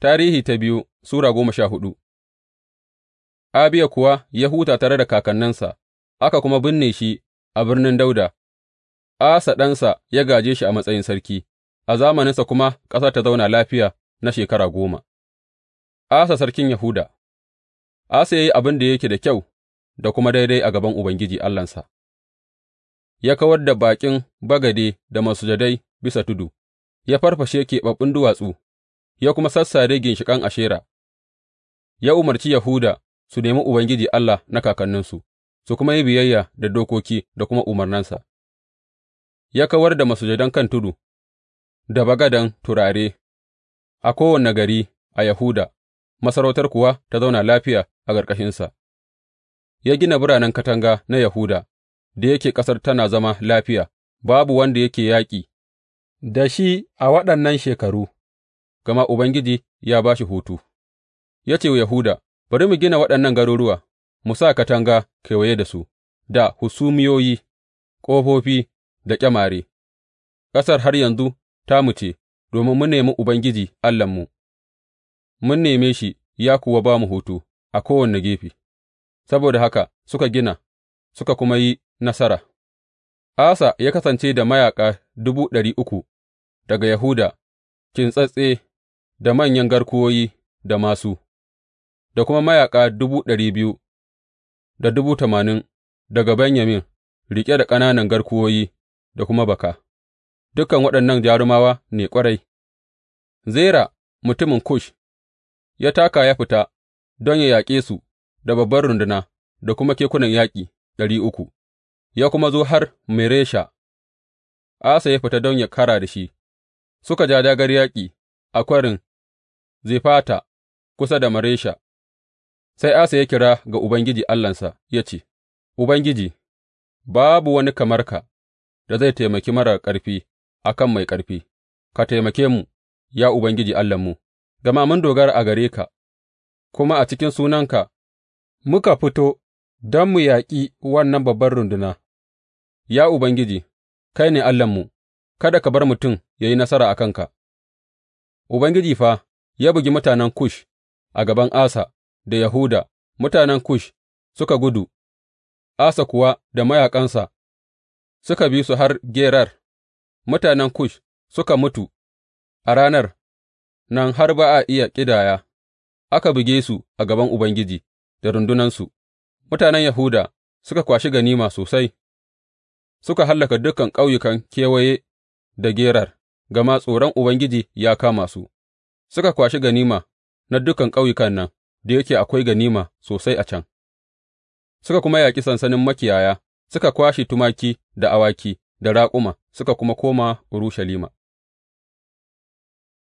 Tarihi ta biyu Sura goma sha hudu Abiya kuwa ya huta tare da kakanninsa, aka kuma binne shi a birnin Dauda. Asa ɗansa ya gaje shi a matsayin sarki, a zamaninsa kuma ƙasar ta zauna lafiya na shekara goma. Asa sarkin Yahuda Asa ya yi abin da yake da kyau da kuma daidai a gaban Ubangiji Allahnsa, ya kawar da baƙin bagade da masujadai bisa tudu, ya farfashe keɓaɓɓun duwatsu. ya kuma sassare ginshiƙan Ashera, ya umarci Yahuda su nemi Ubangiji Allah na kakanninsu, su kuma yi biyayya da dokoki da kuma umarnansa, ya kawar da masujadan kan tudu da bagadan turare a kowane gari a Yahuda, masarautar kuwa ta zauna lafiya a ƙarƙashinsa, ya gina biranen katanga na Yahuda, da yake ƙasar tana zama lafiya, babu wanda yake yaƙi da shi a waɗannan shekaru. gama Ubangiji ya ba shi hutu, ya ce wa Yahuda, Bari mu gina waɗannan garuruwa, mu sa katanga kewaye da su, da husumiyoyi, ƙofofi da ƙyamare, ƙasar har yanzu ta mu ce, domin mun nemi Ubangiji Allahnmu, mun neme shi ya kuwa ba mu hutu a kowane gefe, saboda haka suka gina, suka kuma yi nasara. Asa ya kasance da mayaƙa dubu ɗari uku daga Yahuda, kintsatse da manyan garkuwoyi da masu, da kuma mayaƙa dubu ɗari biyu da dubu tamanin daga Benyamin, riƙe da ƙananan garkuwoyi da kuma baka, dukan waɗannan jarumawa ne ƙwarai. Zera mutumin Kush ya taka ya fita don ya yaƙe su da babbar runduna da kuma kekunan yaƙi ɗari uku, ya kuma zo har Meresha, Asa ya fita don ya kara da shi, suka ja dagar yaƙi a kwarin Zefata kusa da Maresha, sai Asa ya kira ga Ubangiji Allahnsa ya ce, Ubangiji, babu wani kamar ka da zai taimaki marar ƙarfi a kan mai ƙarfi, ka taimake mu, ya Ubangiji Allahnmu, gama mun dogara a gare ka, kuma a cikin sunanka muka fito don mu yaƙi wannan babban runduna. Ya Ubangiji, kai ne Allahnmu, kada ka bar mutum ya yi nasara a kanka, Ubangiji fa. ya bugi mutanen Kush a gaban Asa da Yahuda, mutanen Kush suka gudu, Asa kuwa da mayaƙansa suka bi su har Gerar, mutanen Kush suka mutu a ranar nan har ba a iya ƙidaya, aka buge su a gaban Ubangiji da rundunansu, mutanen Yahuda suka kwashi ganima sosai, suka hallaka dukan ƙauyukan kewaye da Gerar, gama tsoron Ubangiji ya kama su. suka kwashi ganima na dukan ƙauyukan nan, da yake akwai ganima sosai a can, suka kuma yaƙi sansanin makiyaya, suka kwashe tumaki da awaki da raƙuma, suka kuma koma Urushalima.